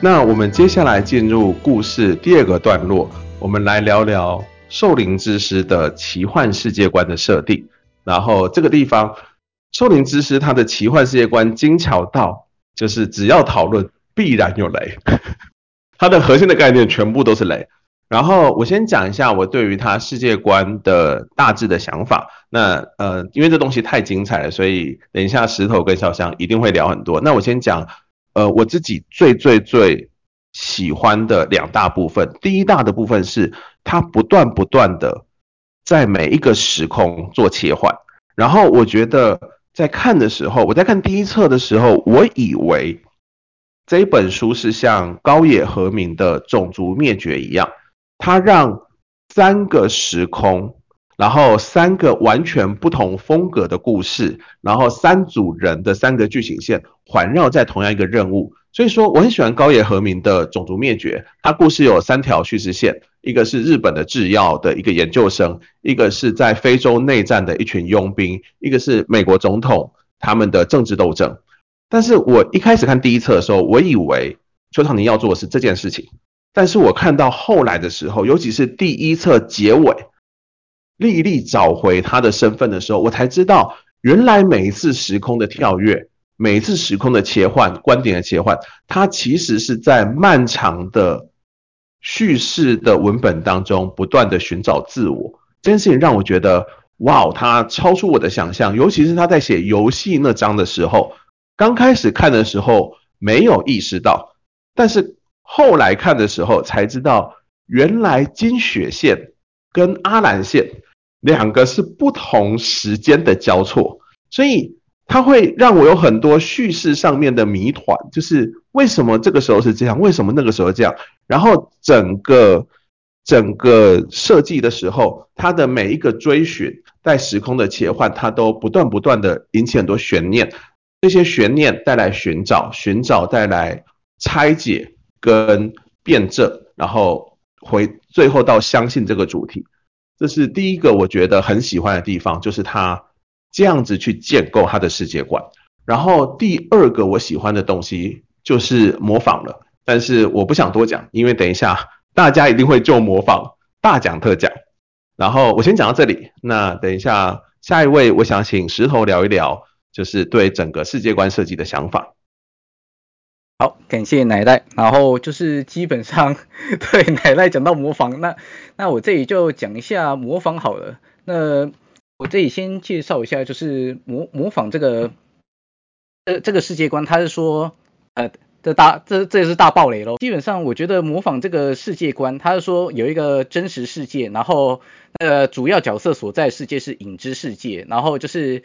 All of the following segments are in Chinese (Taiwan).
那我們接下來進入故事第二個段落，我們來聊聊《獸靈之詩》的奇幻世界觀的設定。然後這個地方，《獸靈之詩》它的奇幻世界觀精巧到，就是只要討論必然有雷，它 的核心的概念全部都是雷。然後我先講一下我對於它世界觀的大致的想法。那呃，因為這東西太精彩了，所以等一下石頭跟瀟湘一定會聊很多。那我先講。呃，我自己最最最喜歡的兩大部分，第一大的部分是它不斷不斷的在每一個時空做切換，然後我覺得在看的時候，我在看第一冊的時候，我以為這一本書是像高野和明的《種族滅絕》一樣，它讓三個時空。然後三個完全不同風格的故事，然後三組人的三個劇情線環繞在同樣一個任務，所以說我很喜歡高野和明的《種族滅絕》，它故事有三條敘事線，一個是日本的製藥的一個研究生，一個是在非洲內戰的一群傭兵，一個是美國總統他們的政治鬥爭。但是我一開始看第一冊的時候，我以為邱長寧要做的是這件事情，但是我看到後來的時候，尤其是第一冊結尾。歷歷找回他的身份的時候，我才知道，原來每一次時空的跳躍，每一次時空的切換，觀點的切換，他其實是在漫長的敘事的文本當中不斷的尋找自我。這件事情讓我覺得，哇，他超出我的想象。尤其是他在寫遊戲那章的時候，剛開始看的時候沒有意識到，但是後來看的時候才知道，原來金雪線跟阿蘭線。兩個是不同時間的交錯，所以它會讓我有很多敘事上面的謎團，就是為什麼這個時候是這樣，為什麼那個時候這樣，然後整個整個設計的時候，它的每一個追尋帶時空的切換，它都不斷不斷的引起很多懸念，這些懸念帶來尋找，尋找帶來拆解跟辯證，然後回，最後到相信這個主題。這是第一個我覺得很喜歡的地方，就是他這樣子去建構他的世界觀。然後第二個我喜歡的東西就是模仿了，但是我不想多講，因為等一下大家一定會就模仿大講特講。然後我先講到這裡，那等一下下一位我想請石頭聊一聊，就是對整個世界觀設計的想法。好，感謝乃賴。然後就是基本上，對乃賴講到模仿，那那我這裡就講一下模仿好了。那我這裡先介紹一下，就是模模仿這個這這個世界觀，他是說，呃，這大這這是大爆雷咯。基本上我覺得模仿這個世界觀，他是說有一個真實世界，然後呃主要角色所在世界是影子世界，然後就是。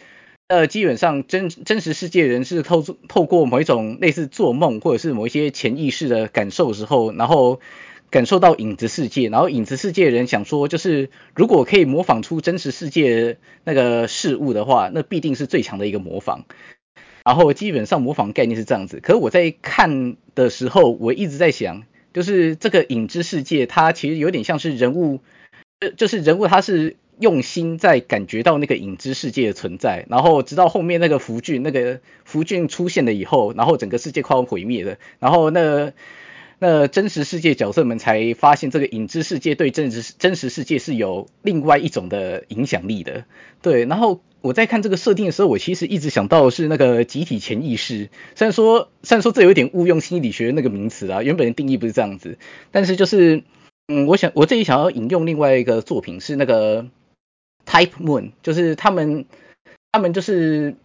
呃，基本上真真實世界人是透透過某一種類似做夢，或者是某一些潛意識的感受的時候，然後感受到影子世界，然後影子世界人想說，就是如果可以模仿出真實世界那個事物的話，那必定是最強的一個模仿。然後基本上模仿概念是這樣子，可是我在看的時候，我一直在想，就是這個影子世界，它其實有點像是人物，就是人物他是。用心在感覺到那個影子世界的存在，然後直到後面那個福俊那個福俊出現了以後，然後整個世界快要毀滅了，然後那那真實世界角色們才發現這個影子世界對真實真實世界是有另外一種的影響力的。對，然後我在看這個設定的時候，我其實一直想到的是那個集體潛意識，雖然說雖然說這有點誤用心理學那個名詞啊，原本的定義不是這樣子，但是就是嗯，我想我自己想要引用另外一個作品是那個。Type Moon，就是他們，他們就是不知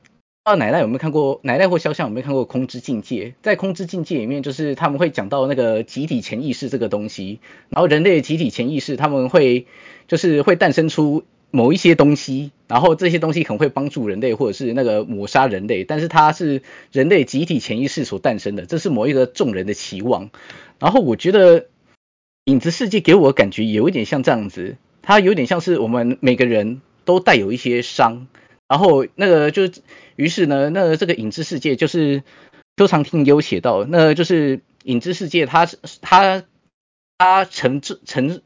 道乃賴有沒有看過，乃賴或瀟湘神有沒有看過《空之境界》。在《空之境界》裡面，就是他們會講到那個集體潛意識這個東西，然後人類集體潛意識他們會就是會誕生出某一些東西，然後這些東西可能會幫助人類，或者是那個抹殺人類，但是它是人類集體潛意識所誕生的，這是某一個眾人的期望。然後我覺得《影子世界》給我的感覺有一點像這樣子。它有點像是我們每個人都帶有一些傷，然後那個就，於是呢，那這個影子世界就是秋常聽有寫到，那就是影子世界它，它它它承承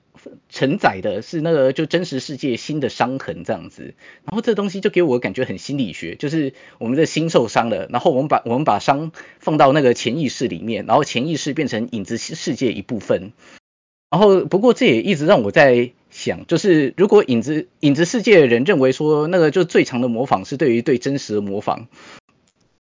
承載的是那個就真實世界新的傷痕這樣子，然後這東西就給我感覺很心理學，就是我們的心受傷了，然後我們把我們把傷放到那個潛意識裡面，然後潛意識變成影子世界一部分，然後不過這也一直讓我在。想就是如果影子影子世界的人認為說那個就最強的模仿是對於對真實的模仿，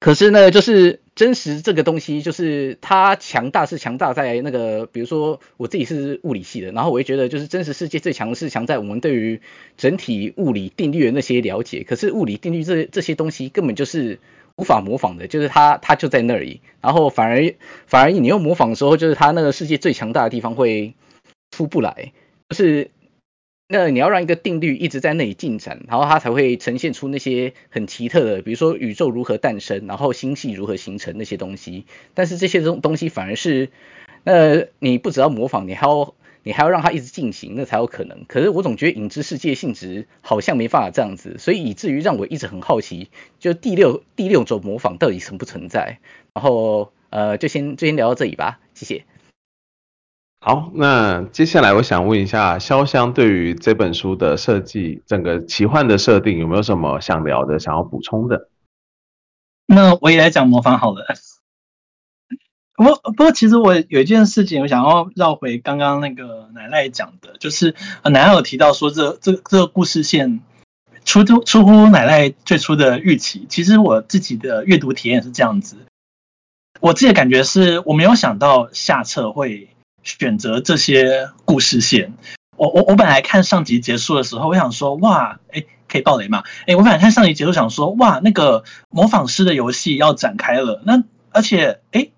可是呢就是真實這個東西就是它強大是強大在那個，比如說我自己是物理系的，然後我也覺得就是真實世界最強是強在我們對於整體物理定律的那些了解，可是物理定律這這些東西根本就是無法模仿的，就是它它就在那裡，然後反而反而你用模仿的時候就是它那個世界最強大的地方會出不來，就是。那你要讓一個定律一直在那裡進展，然後它才會呈現出那些很奇特的，比如說宇宙如何誕生，然後星系如何形成那些東西。但是這些東東西反而是，那你不只要模仿，你還要你還要讓它一直進行，那才有可能。可是我總覺得影之世界性質好像沒辦法這樣子，所以以至於讓我一直很好奇，就第六第六種模仿到底存不存在？然後呃，就先就先聊到這裡吧，謝謝。好，那接下來我想問一下瀟湘對於這本書的設計，整個奇幻的設定有沒有什麼想聊的、想要補充的？那我也來講模仿好了。不不過其實我有一件事情，我想要繞回剛剛那個乃賴講的，就是乃賴有提到說這這這個故事線出出出乎乃賴最初的預期。其實我自己的閱讀體驗是這樣子，我自己的感覺是我沒有想到下冊會。選擇這些故事線。我我我本來看上集結束的時候，我想說，哇，哎、欸，可以爆雷嗎？哎、欸，我本來看上集結束想說，哇，那個模仿師的遊戲要展開了。那而且哎、欸，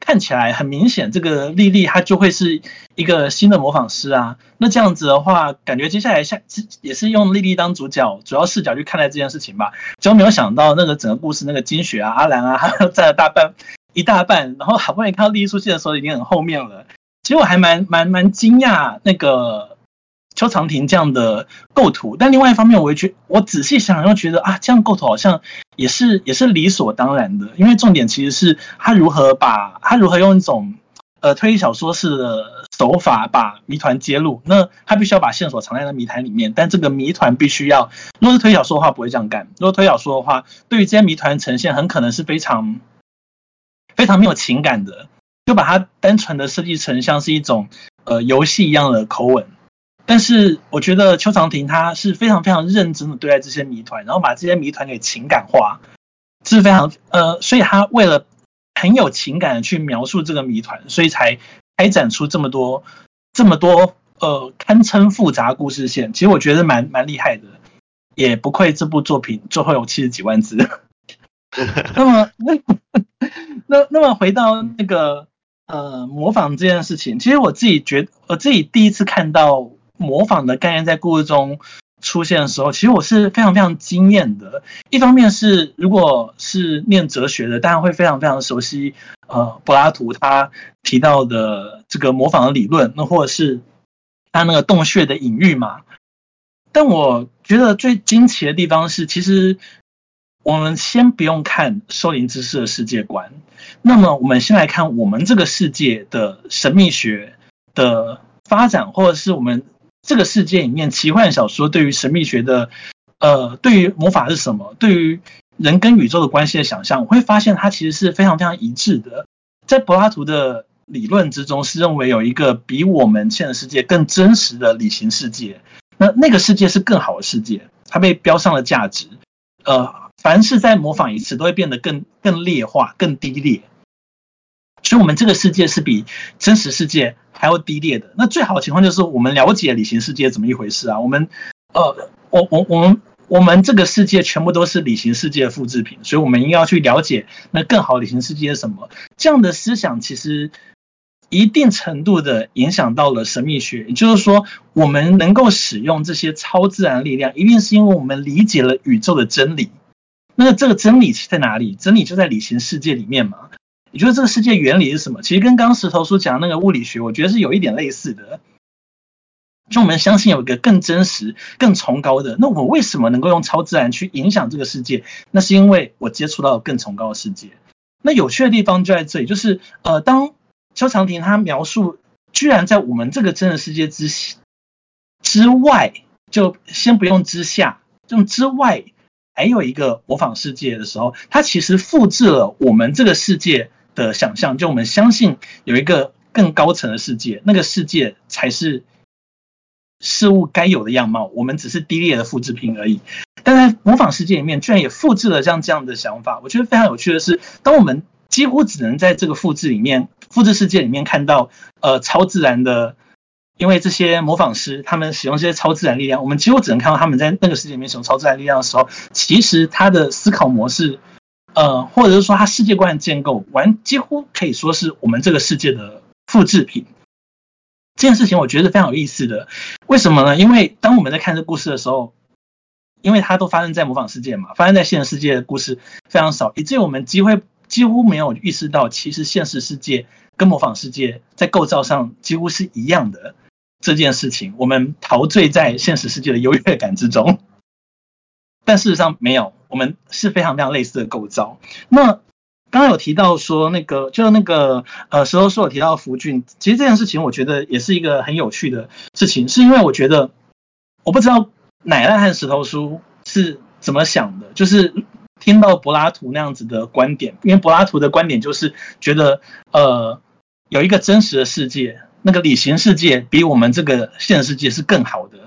看起來很明顯，這個莉莉她就會是一個新的模仿師啊。那這樣子的話，感覺接下來下也是用莉莉當主角，主要視角去看待這件事情吧。結果沒有想到，那個整個故事，那個金雪啊、阿蘭啊，她占了大半一大半。然後好不容易看到莉莉出現的時候，已經很後面了。其實我還蠻蠻蠻驚訝那個邱長廷這樣的構圖，但另外一方面我也覺，我覺我仔細想又覺得啊，這樣構圖好像也是也是理所當然的，因為重點其實是他如何把他如何用一種呃推理小說式的手法把謎團揭露，那他必須要把線索藏在那謎團裡面，但這個謎團必須要，如果是推小說的話不會這樣幹，如果推小說的話，對於這些謎團呈現很可能是非常非常沒有情感的。就把它單純的設計成像是一種呃遊戲一樣的口吻，但是我覺得邱常婷他是非常非常認真的對待這些謎團，然後把這些謎團給情感化，是非常呃，所以他為了很有情感的去描述這個謎團，所以才開展出這麼多這麼多呃堪稱複雜故事線。其實我覺得蠻蠻厲害的，也不愧這部作品最後有七十幾萬字。 那麼那那麼回到那個。呃，模仿這件事情，其實我自己覺得，我自己第一次看到模仿的概念在故事中出現的時候，其實我是非常非常驚艷的。一方面是如果是念哲學的，當然會非常非常熟悉，呃，柏拉圖他提到的這個模仿的理論，那或者是他那個洞穴的隱喻嘛。但我覺得最驚奇的地方是，其實。我們先不用看《獸靈之詩》的世界觀，那麼我們先來看我們這個世界的神秘學的發展，或者是我們這個世界裡面奇幻小說對於神秘學的呃，對於魔法是什麼，對於人跟宇宙的關係的想象，我會發現它其實是非常非常一致的。在柏拉圖的理論之中，是認為有一個比我們現實世界更真實的理型世界，那那個世界是更好的世界，它被標上了價值，呃。凡是再模仿一次，都會變得更更劣化、更低劣。所以，我們這個世界是比真實世界還要低劣的。那最好的情況就是，我們了解理型世界怎麼一回事啊？我們呃，我我我們我們這個世界全部都是理型世界的複製品，所以我們應該要去了解那更好理型世界是什麼。這樣的思想其實一定程度的影響到了神秘學，也就是說，我們能夠使用這些超自然力量，一定是因為我們理解了宇宙的真理。那個這個真理在哪裡？真理就在理型世界裡面嘛。你覺得這個世界原理是什麼？其實跟剛剛石頭書講的那個物理學，我覺得是有一點類似的。就我們相信有一個更真實、更崇高的。那我為什麼能夠用超自然去影響這個世界？那是因為我接觸到更崇高的世界。那有趣的地方就在這裡，就是呃，當邱常婷他描述，居然在我們這個真的世界之之外，就先不用之下，這種之外。還有一個模仿世界的時候，它其實複製了我們這個世界的想象，就我們相信有一個更高層的世界，那個世界才是事物該有的樣貌，我們只是低劣的複製品而已。但在模仿世界裡面，居然也複製了像這樣的想法。我覺得非常有趣的是，當我們幾乎只能在這個複製裡面、複製世界裡面看到，呃，超自然的。因為這些模仿師，他們使用這些超自然力量，我們幾乎只能看到他們在那個世界裡面使用超自然力量的時候，其實他的思考模式，呃，或者是說他世界觀建構完，幾乎可以說是我們這個世界的複製品。這件事情我覺得非常有意思的，為什麼呢？因為當我們在看這故事的時候，因為它都發生在模仿世界嘛，發生在現實世界的故事非常少，以至於我們幾乎幾乎沒有意識到，其實現實世界跟模仿世界在構造上幾乎是一樣的。這件事情，我們陶醉在現實世界的優越感之中，但事實上沒有，我們是非常非常類似的構造。那剛剛有提到說，那個就是那個呃石頭書有提到福俊，其實這件事情我覺得也是一個很有趣的事情，是因為我覺得我不知道乃賴和石頭書是怎麼想的，就是聽到柏拉圖那樣子的觀點，因為柏拉圖的觀點就是覺得呃有一個真實的世界。那個理型世界比我們這個現實世界是更好的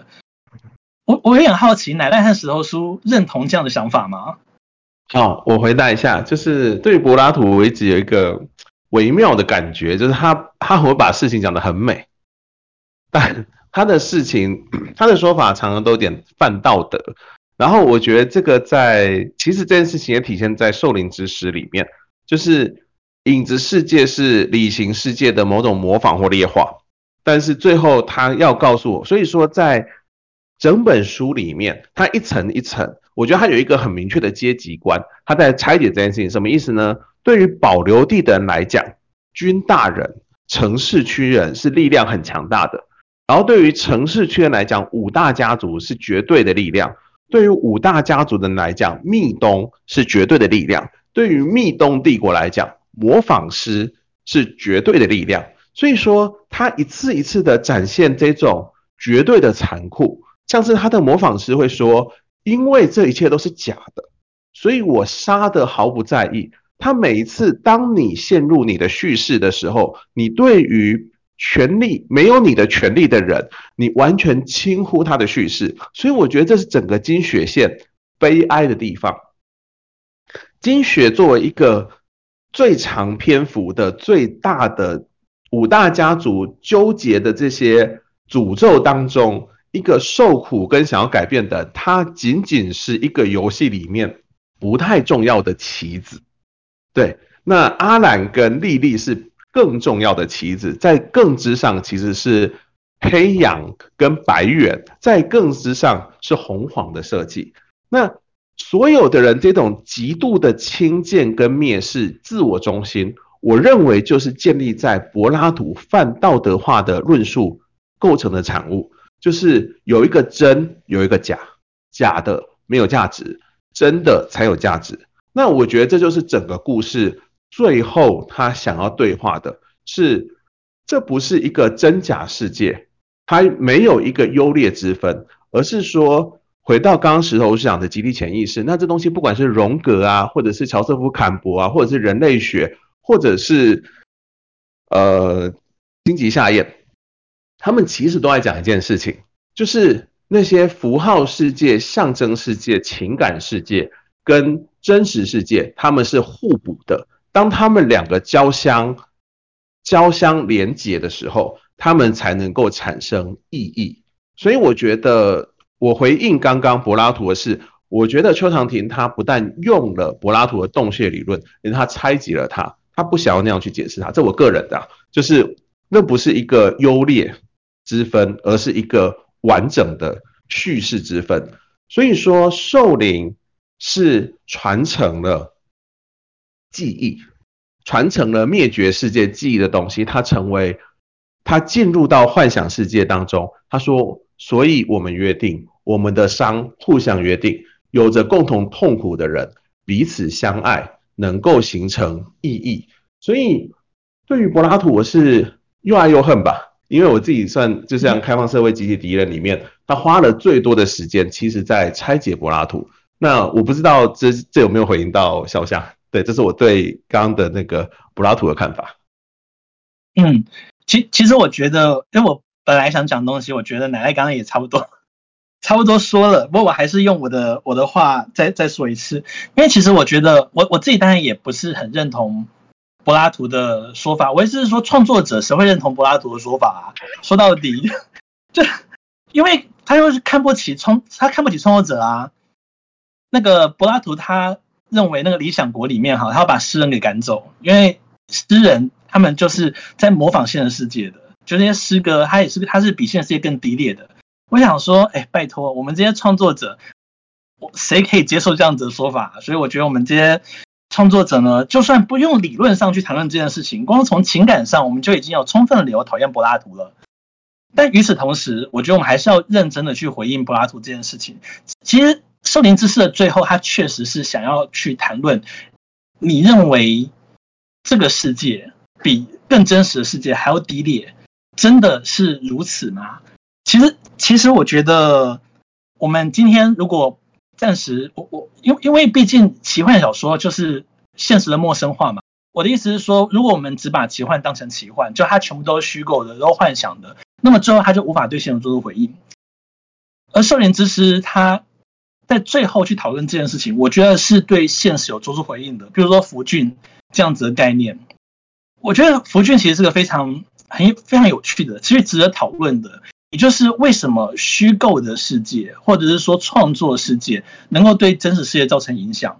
我。我我有點好奇，奶奶和石頭書認同這樣的想法嗎？好、哦，我回答一下，就是對柏拉圖我一直有一個微妙的感覺，就是他他會把事情講得很美，但他的事情他的說法常常都有點泛道德。然後我覺得這個在其實這件事情也體現在《獸靈之詩》裡面，就是。影子世界是理型世界的某種模仿或劣化，但是最後他要告訴我，所以說在整本書裡面，他一層一層，我覺得他有一個很明確的階級觀，他在拆解這件事情，什麼意思呢？對於保留地的人來講，軍大人、城市區人是力量很強大的，然後對於城市區人來講，五大家族是絕對的力量，對於五大家族的人來講，密東是絕對的力量，對於密東帝國來講。模仿師是絕對的力量，所以說他一次一次的展現這種絕對的殘酷。像是他的模仿師會說：“因為這一切都是假的，所以我殺的毫不在意。”他每一次當你陷入你的敘事的時候，你對於權力沒有你的權力的人，你完全輕忽他的敘事。所以我覺得這是整個金雪線悲哀的地方。金雪作為一個，最長篇幅的、最大的五大家族糾結的這些詛咒當中，一個受苦跟想要改變的，它，僅僅是一個遊戲裡面不太重要的棋子。對，那阿蘭跟莉莉是更重要的棋子，在更之上其實是黑氧跟白遠，在更之上是紅黃的設計。那所有的人這種極度的輕賤跟蔑視、自我中心，我認為就是建立在柏拉圖泛道德化的論述構成的產物。就是有一個真，有一個假，假的沒有價值，真的才有價值。那我覺得這就是整個故事最後他想要對話的，是這不是一個真假世界，它沒有一個優劣之分，而是說。回到剛剛石頭書講的集體潛意識，那這東西不管是榮格啊，或者是喬瑟夫坎博啊，或者是人類學，或者是呃，京極夏彥，他們其實都在講一件事情，就是那些符號世界、象徵世界、情感世界跟真實世界，他們是互補的。當他們兩個交相交相連接的時候，他們才能夠產生意義。所以我覺得。我回應剛剛柏拉圖的是，我覺得邱常婷他不但用了柏拉圖的洞穴理論，而他拆解了他。他不想要那樣去解釋他，這我個人的、啊，就是那不是一個優劣之分，而是一個完整的敘事之分。所以說，獸靈是傳承了記憶，傳承了滅絕世界記憶的東西，它成為它進入到幻想世界當中，他說。所以我們約定，我們的傷互相約定，有着共同痛苦的人彼此相愛，能夠形成意義。所以對於柏拉圖，我是又愛又恨吧，因為我自己算就是像開放社會及其敵人裡面，嗯、他花了最多的時間，其實在拆解柏拉圖。那我不知道這這有沒有回應到瀟湘，對，這是我對剛剛的那個柏拉圖的看法。嗯，其其實我覺得，因為我。本來想講東西，我覺得奶奶剛剛也差不多，差不多說了。不過我還是用我的我的話再再說一次，因為其實我覺得我我自己當然也不是很認同柏拉圖的說法。我也是說，創作者誰會認同柏拉圖的說法啊？說到底，就因為他又是看不起創，他看不起創作者啊。那個柏拉圖他認為那個理想國裡面哈，他要把詩人給趕走，因為詩人他們就是在模仿現實世界的。就那些詩歌，他也是，他是比現在世界更低劣的。我想說，哎，拜托，我們這些創作者，我誰可以接受這樣子的說法？所以我覺得我們這些創作者呢，就算不用理論上去談論這件事情，光從情感上，我們就已經有充分的理由討厭柏拉圖了。但與此同時，我覺得我們還是要認真的去回應柏拉圖這件事情。其實《獸靈之詩》的最後，他確實是想要去談論，你認為這個世界比更真實的世界還要低劣。真的是如此嗎？其實，其實我覺得，我們今天如果暫時，我我，因因為畢竟奇幻小說就是現實的陌生化嘛。我的意思是說，如果我們只把奇幻當成奇幻，就它全部都是虛構的，都幻想的，那麼最後他就無法對現實做出回應。而《獸靈之詩》他在最後去討論這件事情，我覺得是對現實有做出回應的。比如說福俊這樣子的概念，我覺得福俊其實是個非常。很非常有趣的，其實值得討論的，也就是為什麼虛構的世界或者是說創作世界能夠對真實世界造成影響？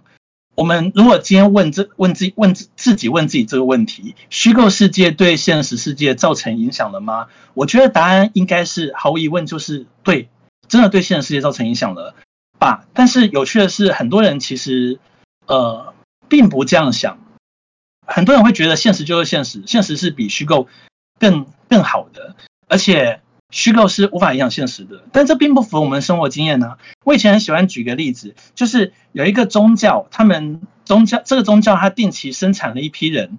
我們如果今天問這問自問自自己問自己這個問題：虛構世界對現實世界造成影響了嗎？我覺得答案應該是毫無疑問，就是對，真的對現實世界造成影響了吧。但是有趣的是，很多人其實呃並不這樣想，很多人會覺得現實就是現實，現實是比虛構。更更好的，而且虛構是無法影響現實的，但這並不符合我們生活經驗呢、啊。我以前很喜歡舉個例子，就是有一個宗教，他們宗教這個宗教，他定期生產了一批人，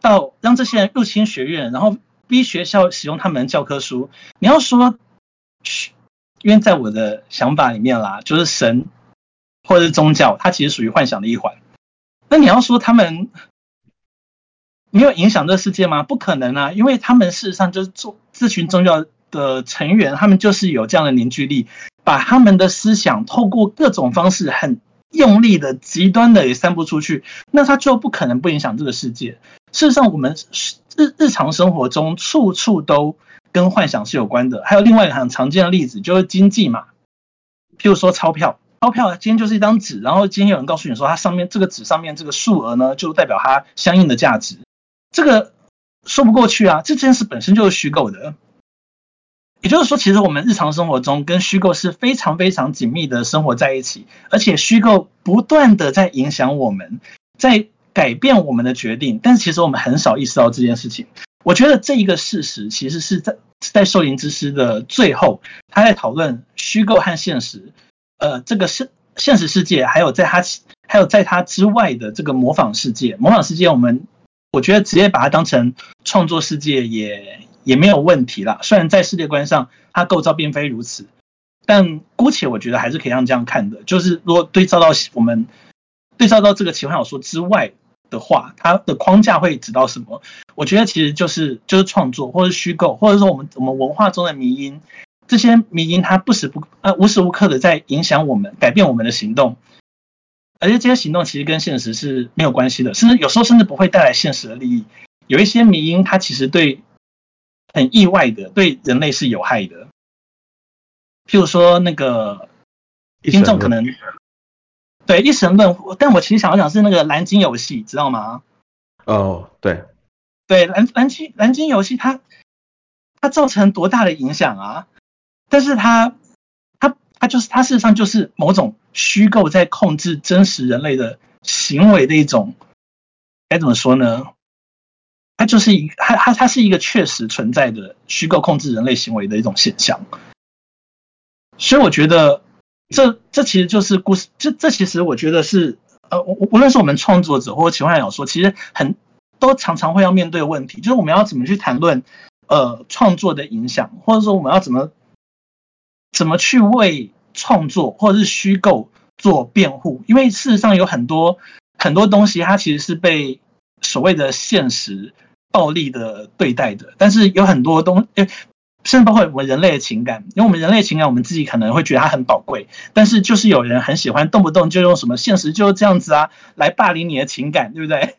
到讓這些人入侵學院，然後逼學校使用他們的教科書。你要說，因為在我的想法裡面啦，就是神或者是宗教，它其實屬於幻想的一環。那你要說他們。沒有影響這個世界嗎？不可能啊，因為他們事實上就是做這群宗教的成員，他們就是有這樣的凝聚力，把他們的思想透過各種方式很用力的、極端的也散布出去，那他就不可能不影響這個世界。事實上，我們日日常生活中處處都跟幻想是有關的。還有另外一個很常見的例子就是經濟嘛，譬如說鈔票，鈔票今天就是一張紙，然後今天有人告訴你說，它上面這個紙上面這個數額呢，就代表它相應的價值。這個說不過去啊！這件事本身就是虛構的，也就是說，其實我們日常生活中跟虛構是非常非常緊密的生活在一起，而且虛構不斷的在影響我們，在改變我們的決定，但是其實我們很少意識到這件事情。我覺得這一個事實其實是在是在《獸靈之詩》的最後，他在討論虛構和現實，呃，這個是現實世界，還有在他還有在他之外的這個模仿世界，模仿世界我們。我覺得直接把它當成創作世界也也沒有問題啦。雖然在世界觀上它構造並非如此，但姑且我覺得還是可以像這樣看的。就是如果對照到我們對照到這個奇幻小說之外的話，它的框架會指到什麼？我覺得其實就是就是創作，或是虛構，或者說我們我們文化中的迷因，這些迷因它不時不呃無時無刻的在影響我們，改變我們的行動。而且這些行動其實跟現實是沒有關係的，甚至有時候甚至不會帶來現實的利益。有一些迷因，它其實對很意外的，對人類是有害的。譬如說那個，聽眾可能對一神論，但我其實想要講是那個藍鯨遊戲，知道嗎？哦，oh, 對，對藍藍鯨藍鯨遊戲它，它它造成多大的影響啊？但是它它它就是它事實上就是某種。虛構在控制真實人類的行為的一種，該怎麼說呢？它就是一它它它是一個確實存在的虛構控制人類行為的一種現象。所以我覺得這這其實就是故事，這這其實我覺得是呃，我，我無論是我們創作者或者奇幻小說，其實很都常常會要面對問題，就是我們要怎麼去談論呃創作的影響，或者說我們要怎麼怎麼去為。創作或者是虛構做辯護，因為事實上有很多很多東西，它其實是被所謂的現實暴力的對待的。但是有很多東西，甚至包括我們人類的情感，因為我們人類的情感，我們自己可能會覺得它很寶貴，但是就是有人很喜歡動不動就用什麼現實就是這樣子啊來霸凌你的情感，對不對？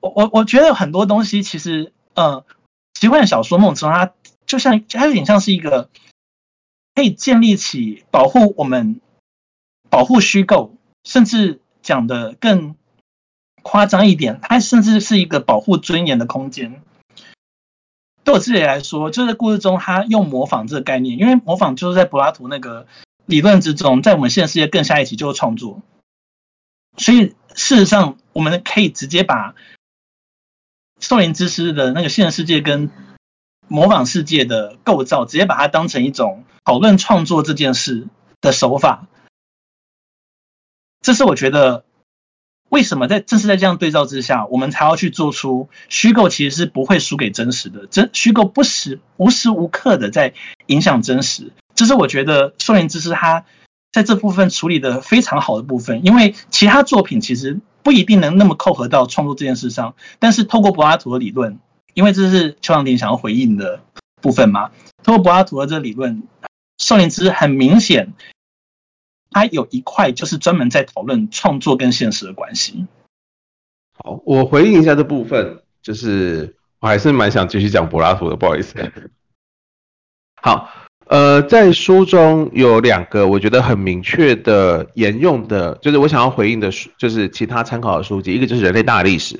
我我我覺得有很多東西其實，嗯、呃，奇幻小說、夢之後它就像它有點像是一個。可以建立起保護我們、保護虛構，甚至講得更誇張一點，它甚至是一個保護尊嚴的空間。對我自己來說，就在、是、故事中，他用模仿這個概念，因為模仿就是在柏拉圖那個理論之中，在我們現實世界更下一級，就是創作。所以事實上，我們可以直接把《獸靈之詩》的那個現實世界跟。模仿世界的構造，直接把它當成一種討論創作這件事的手法。這是我覺得為什麼在正是在這樣對照之下，我們才要去做出虛構其實是不會輸給真實的，真虛構不時無時無刻的在影響真實。這是我覺得《獸靈之詩》它在這部分處理的非常好的部分，因為其他作品其實不一定能那麼扣合到創作這件事上，但是透過柏拉圖的理論。因為這是邱常婷想要回應的部分嘛。通過柏拉圖的這個理論，獸靈之詩很明顯，他有一塊就是專門在討論創作跟現實的關係。好，我回應一下這部分，就是我還是蠻想繼續講柏拉圖的，不好意思。好，呃，在書中有兩個我覺得很明確的沿用的，就是我想要回應的書，就是其他參考的書籍，一個就是《人類大歷史》。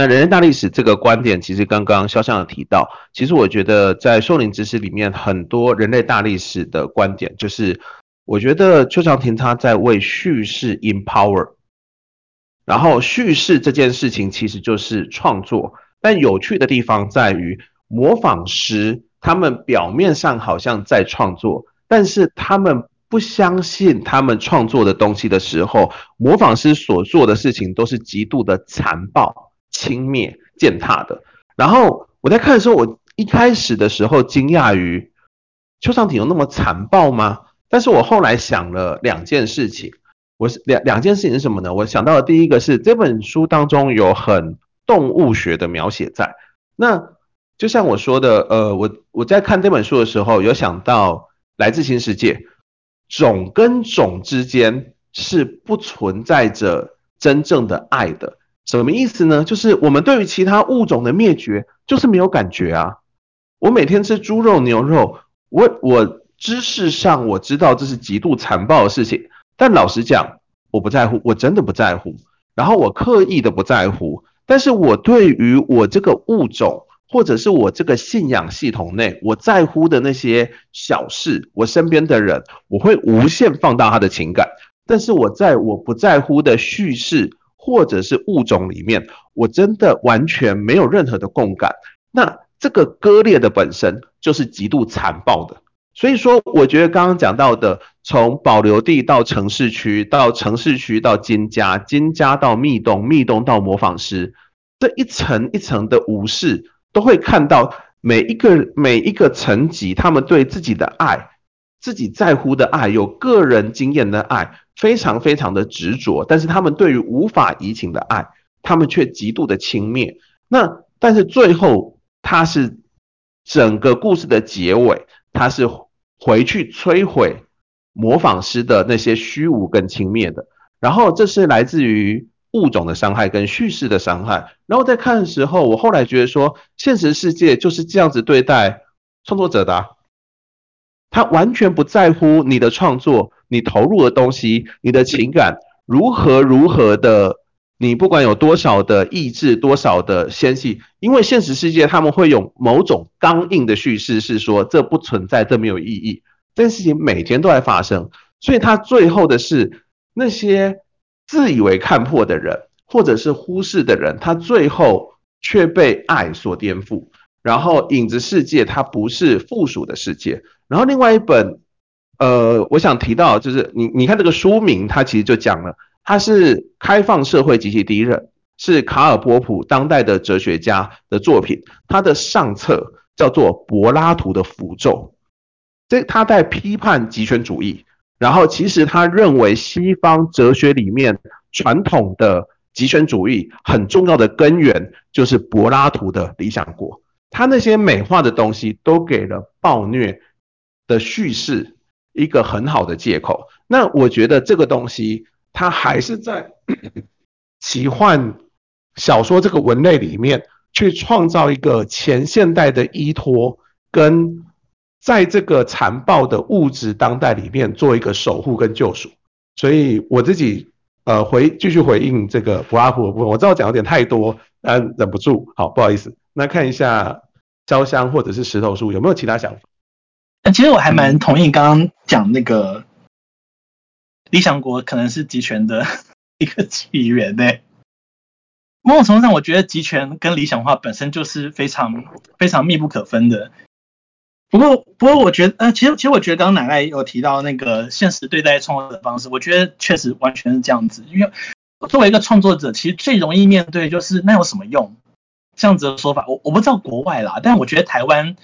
那人類大歷史這個觀點，其實剛剛瀟湘神有提到，其實我覺得在《獸靈之詩》裡面，很多人類大歷史的觀點，就是我覺得邱常婷他在為敘事 empower，然後敘事這件事情其實就是創作，但有趣的地方在於，模仿師他們表面上好像在創作，但是他們不相信他們創作的東西的時候，模仿師所做的事情都是極度的殘暴，輕蔑、踐踏的。然後我在看的時候，我一開始的時候驚訝於邱長廷有那麼殘暴嗎？但是我後來想了兩件事情，我是兩兩件事情是什麼呢？我想到的第一個是這本書當中有很動物學的描寫在。那就像我說的，呃，我我在看這本書的時候有想到《來自新世界》，種跟種之間是不存在着真正的愛的。什麼意思呢？就是我們對於其他物種的滅絕，就是沒有感覺啊。我每天吃豬肉、牛肉，我我知識上我知道這是極度殘暴的事情，但老實講，我不在乎，我真的不在乎。然後我刻意的不在乎，但是我對於我這個物種，或者是我這個信仰系統內，我在乎的那些小事，我身邊的人，我會無限放大他的情感，但是我在我不在乎的敘事。或者是物種裡面，我真的完全沒有任何的共感。那這個割裂的本身就是極度殘暴的。所以說，我覺得剛剛講到的，從保留地到城市區，到城市區到金家，金家到密洞，密洞到模仿師，這一層一層的無視，都會看到每一個每一個層級他們對自己的愛。自己在乎的愛，有個人經驗的愛，非常非常的執着，但是他們對於無法移情的愛，他們卻極度的輕蔑。那但是最後，他是整個故事的結尾，他是回去摧毀模仿師的那些虛無跟輕蔑的。然後這是來自於物種的傷害跟敘事的傷害。然後在看的時候，我後來覺得說，現實世界就是這樣子對待創作者的啊。他完全不在乎你的創作、你投入的東西、你的情感，如何如何的，你不管有多少的意志、多少的纖細，因為現實世界他們會用某種剛硬的敘事，是說這不存在、這沒有意義，這件事情每天都在發生。所以他最後的是那些自以為看破的人，或者是忽視的人，他最後卻被愛所顛覆。然後影子世界它不是附屬的世界。然後另外一本，呃，我想提到就是你你看這個書名，它其實就講了，它是《開放社會及其敵人》，是卡爾·波普當代的哲學家的作品。它的上冊叫做《柏拉圖的符咒》，這他在批判極權主義。然後其實他認為西方哲學裡面傳統的極權主義很重要的根源就是柏拉圖的《理想國》。他那些美化的東西，都給了暴虐的敘事一個很好的借口。那我覺得這個東西，他還是在呵呵奇幻小說這個文類裡面，去創造一個前現代的依托，跟在這個殘暴的物質當代裡面做一個守護跟救贖。所以我自己呃回繼續回應這個普拉普的部分，我知道講有點太多，但忍不住，好，不好意思。來看一下瀟湘或者是石頭書有沒有其他想法？其實我還蠻同意剛剛講那個理想國可能是極權的一個起源呢、欸。某種程度上，我覺得極權跟理想化本身就是非常非常密不可分的。不過，不過我覺得，呃，其實其實我覺得剛剛乃賴有提到那個現實對待創作的方式，我覺得確實完全是這樣子。因為我作為一個創作者，其實最容易面對就是那有什麼用？這樣子的說法，我我不知道國外啦，但我覺得台灣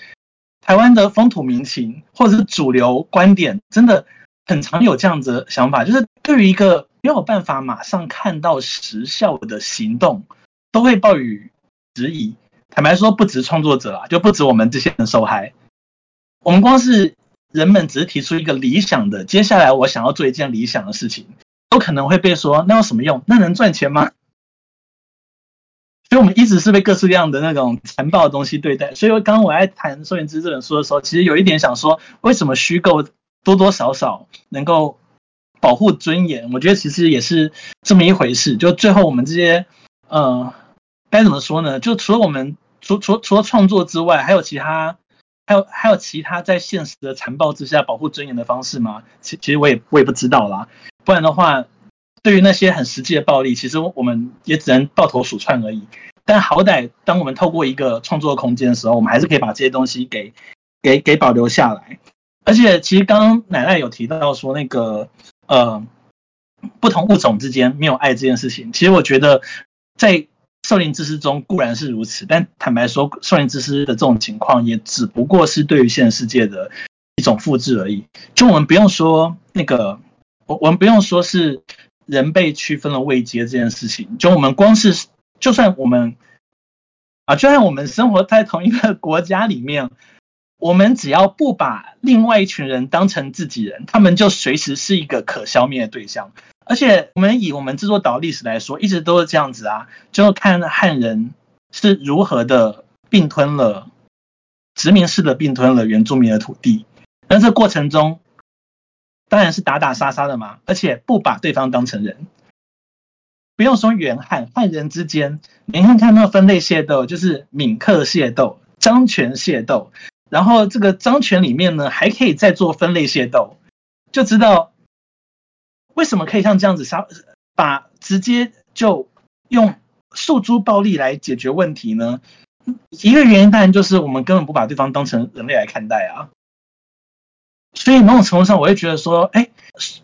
台灣的風土民情或者是主流觀點，真的很常有這樣子的想法，就是對於一個沒有辦法馬上看到實效的行動，都會抱有質疑。坦白說，不止創作者啊，就不止我們這些人受害。我們光是人們只是提出一個理想的，接下來我想要做一件理想的事情，都可能會被說那有什麼用？那能賺錢嗎？因為我們一直是被各式各樣的那種殘暴的東西對待，所以剛剛我在談《獸靈之詩》這本書的時候，其實有一點想說，為什麼虛構多多少少能夠保護尊嚴？我覺得其實也是這麼一回事。就最後我們這些，嗯、呃，該怎麼說呢？就除了我們除除除了創作之外，還有其他還有還有其他在現實的殘暴之下保護尊嚴的方式嗎？其其實我也我也不知道啦，不然的話。對於那些很實際的暴力，其實我們也只能抱頭鼠竄而已。但好歹，當我們透過一個創作空間的時候，我們還是可以把這些東西給給給保留下來。而且，其實剛剛乃賴有提到說，那個呃，不同物種之間沒有愛這件事情，其實我覺得在獸靈之詩中固然是如此，但坦白說，獸靈之詩的這種情況也只不過是對於現實世界的一種複製而已。就我們不用說那個，我我們不用說是。人被區分了階級這件事情，就我們光是，就算我們啊，就算我們生活在同一個國家裡面，我們只要不把另外一群人當成自己人，他們就隨時是一個可消滅的對象。而且，我們以我們這座島歷史來說，一直都是這樣子啊，就看漢人是如何的併吞了殖民式的併吞了原住民的土地，但這過程中。當然是打打殺殺的嘛，而且不把對方當成人，不用說原漢漢人之間，你看看那分類械鬥，就是閩客械鬥、漳泉械鬥，然後這個漳泉裡面呢還可以再做分類械鬥，就知道為什麼可以像這樣子殺，把直接就用訴諸暴力來解決問題呢？一個原因當然就是我們根本不把對方當成人類來看待啊。所以某種程度上，我會覺得說，哎，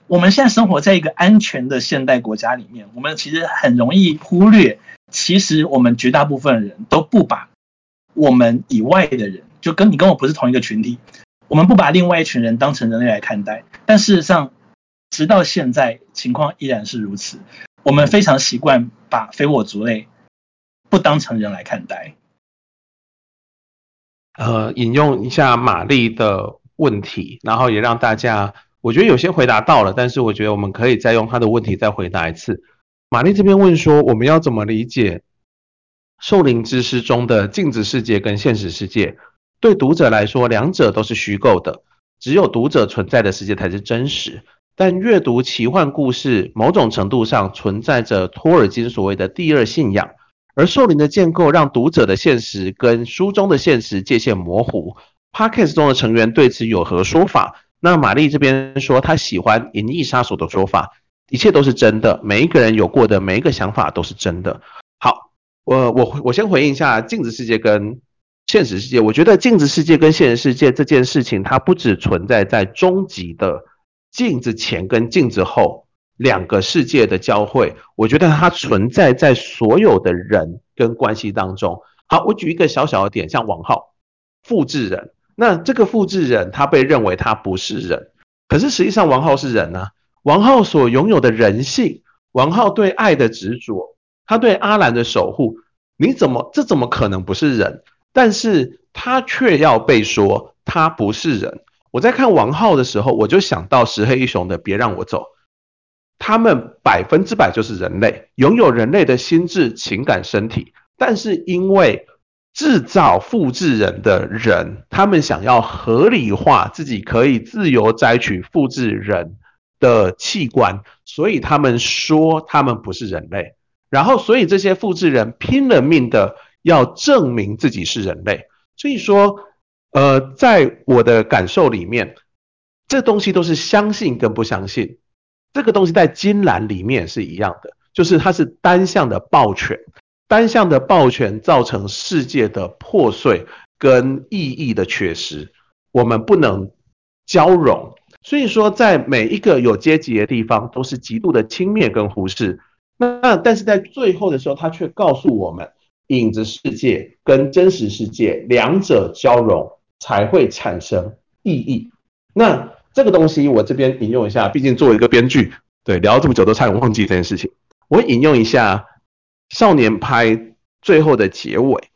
我們現在生活在一個安全的現代國家裡面，我們其實很容易忽略，其實我們絕大部分人都不把我們以外的人，就跟你跟我不是同一個群體，我們不把另外一群人當成人類來看待。但事實上，直到現在，情況依然是如此。我們非常習慣把非我族類不當成人來看待。呃，引用一下瑪麗的。問題，然後也讓大家，我覺得有些回答到了，但是我覺得我們可以再用他的問題再回答一次。馬立這邊問說，我們要怎麼理解《獸靈之詩》中的鏡子世界跟現實世界？對讀者來說，兩者都是虛構的，只有讀者存在的世界才是真實。但閱讀奇幻故事，某種程度上存在着托爾金所謂的“第二信仰”，而獸靈的建構讓讀者的現實跟書中的現實界限模糊。Podcast 中的成員對此有何說法？那瑪麗這邊說她喜歡《銀翼殺手》的說法，一切都是真的，每一個人有過的每一個想法都是真的。好，我我我先回應一下鏡子世界跟現實世界。我覺得鏡子世界跟現實世界這件事情，它不只存在在終極的鏡子前跟鏡子後兩個世界的交匯，我覺得它存在在所有的人跟關係當中。好，我舉一個小小的點，像王浩複制人。那這個複製人，他被認為他不是人，可是實際上王浩是人啊。王浩所擁有的人性，王浩對愛的執着，他對阿蘭的守護，你怎麼這怎麼可能不是人？但是他卻要被說他不是人。我在看王浩的時候，我就想到石黑一雄的《別讓我走》，他們百分之百就是人類，擁有人類的心智、情感、身體，但是因為，製造複製人的人，他們想要合理化自己可以自由摘取複製人的器官，所以他們說他們不是人類。然後，所以這些複製人拼了命的要證明自己是人類。所以說，呃，在我的感受裡面，這東西都是相信跟不相信。這個東西在金蘭裡面是一樣的，就是它是單向的抱權。單向的暴權，造成世界的破碎跟意義的缺失，我們不能交融，所以說在每一個有階級的地方都是極度的輕蔑跟忽視。那但是在最後的時候，它卻告訴我們，影子世界跟真實世界兩者交融才會產生意義。那這個東西我這邊引用一下，畢竟作為一個編劇，對，聊了這麼久都差點忘記這件事情，我引用一下。少年派最後的結尾，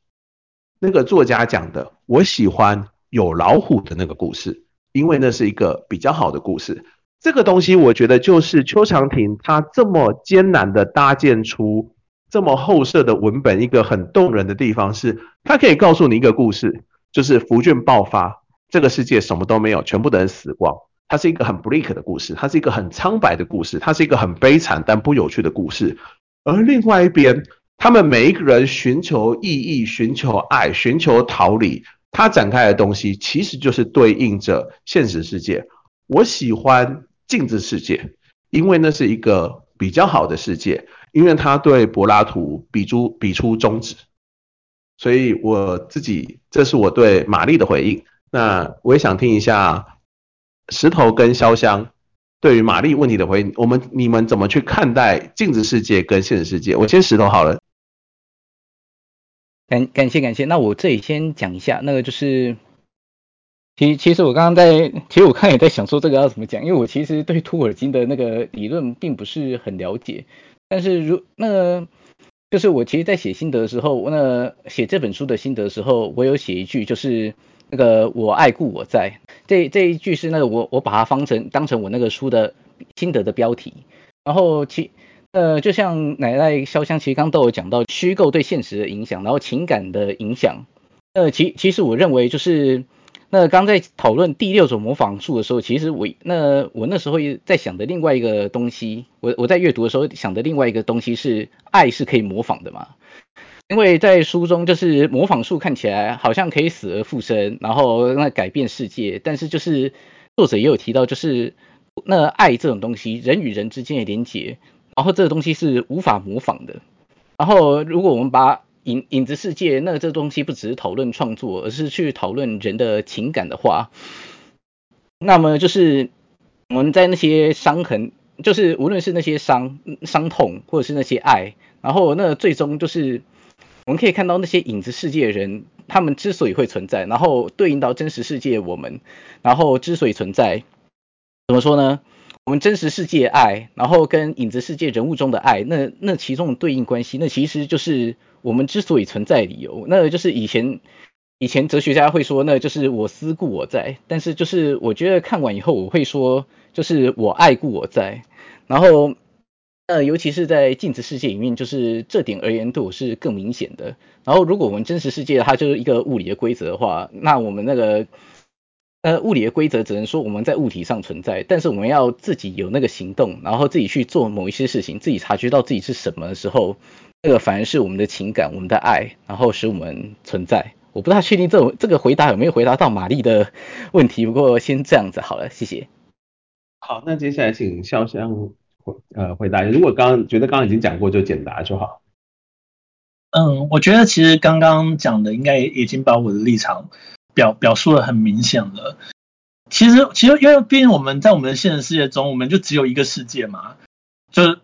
那個作家講的，我喜歡有老虎的那個故事，因為那是一個比較好的故事。這個東西我覺得就是邱常婷他這麼艱難的搭建出這麼厚色的文本，一個很動人的地方是他可以告訴你一個故事，就是福卷爆發，這個世界什麼都沒有，全部的人死光。它是一個很 bleak 的故事，它是一個很蒼白的故事，它是一個很悲慘但不有趣的故事。而另外一邊，他們每一個人尋求意義、尋求愛、尋求逃離，他展開的東西其實就是對應着現實世界。我喜歡鏡子世界，因為那是一個比較好的世界，因為它對柏拉圖比出比出中指。所以我自己，這是我對瑪麗的回應。那我也想聽一下石頭跟瀟湘。對於瑪麗問題的回應，我們你們怎麼去看待鏡子世界跟現實世界？我先石頭好了，感感謝感謝。那我這裡先講一下，那個就是，其實其實我剛剛在，其實我看也在想說這個要怎麼講，因為我其實對托爾金的那個理論並不是很了解。但是如那個，就是我其實，在寫心得的時候，那個、寫這本書的心得的時候，我有寫一句就是。那個我愛故我在，這這一句是那個，我我把它放成當成我那個書的心得的標題。然後其、呃就像乃賴、瀟湘，其實剛都有講到虛構對現實的影響，然後情感的影響。呃、其其實我認為就是那剛在討論第六種模仿術的時候，其實我那我那時候在想的另外一個東西，我我在閱讀的時候想的另外一個東西是愛是可以模仿的嘛？因為在書中，就是模仿術看起來好像可以死而復生，然後那改變世界。但是就是作者也有提到，就是那愛這種東西，人與人之間的連結，然後這個東西是無法模仿的。然後如果我們把影影子世界，那這東西不只是討論創作，而是去討論人的情感的話，那麼就是我們在那些傷痕，就是無論是那些傷傷痛，或者是那些愛，然後那最終就是。我們可以看到那些影子世界的人，他們之所以會存在，然後對應到真實世界我們，然後之所以存在，怎麼說呢？我們真實世界愛，然後跟影子世界人物中的愛，那那其中的對應關係，那其實就是我們之所以存在理由。那就是以前以前哲學家會說，那就是我思故我在。但是就是我覺得看完以後，我會說，就是我愛故我在。然後。呃，尤其是在鏡子世界裡面，就是這點而言度是更明顯的。然後如果我們真實世界它就是一個物理的規則的話，那我們那個呃物理的規則只能說我們在物體上存在，但是我們要自己有那個行動，然後自己去做某一些事情，自己察覺到自己是什麼的時候，那個反而是我們的情感、我們的愛，然後使我們存在。我不太確定這種這個回答有沒有回答到瑪麗的問題，不過先這樣子好了，謝謝。好，那接下來請瀟湘。呃，回答一下，如果剛剛覺得剛剛已經講過，就簡答就好。嗯，我覺得其實剛剛講的應該已經把我的立場表表述得很明顯了。其實，其實因為畢竟我們在我們的現實世界中，我們就只有一個世界嘛，就是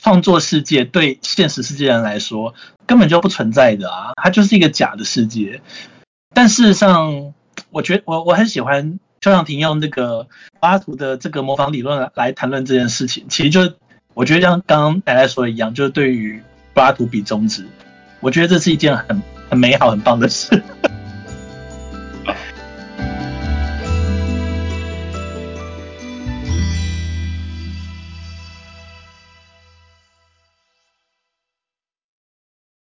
創作世界對現實世界人來說根本就不存在的啊，它就是一個假的世界。但事實上，我覺得我我很喜歡。瀟湘神用那個柏拉圖的這個模仿理論來談論這件事情，其實就我覺得像剛剛乃賴說的一樣，就是對於柏拉圖比中指，我覺得這是一件很很美好、很棒的事。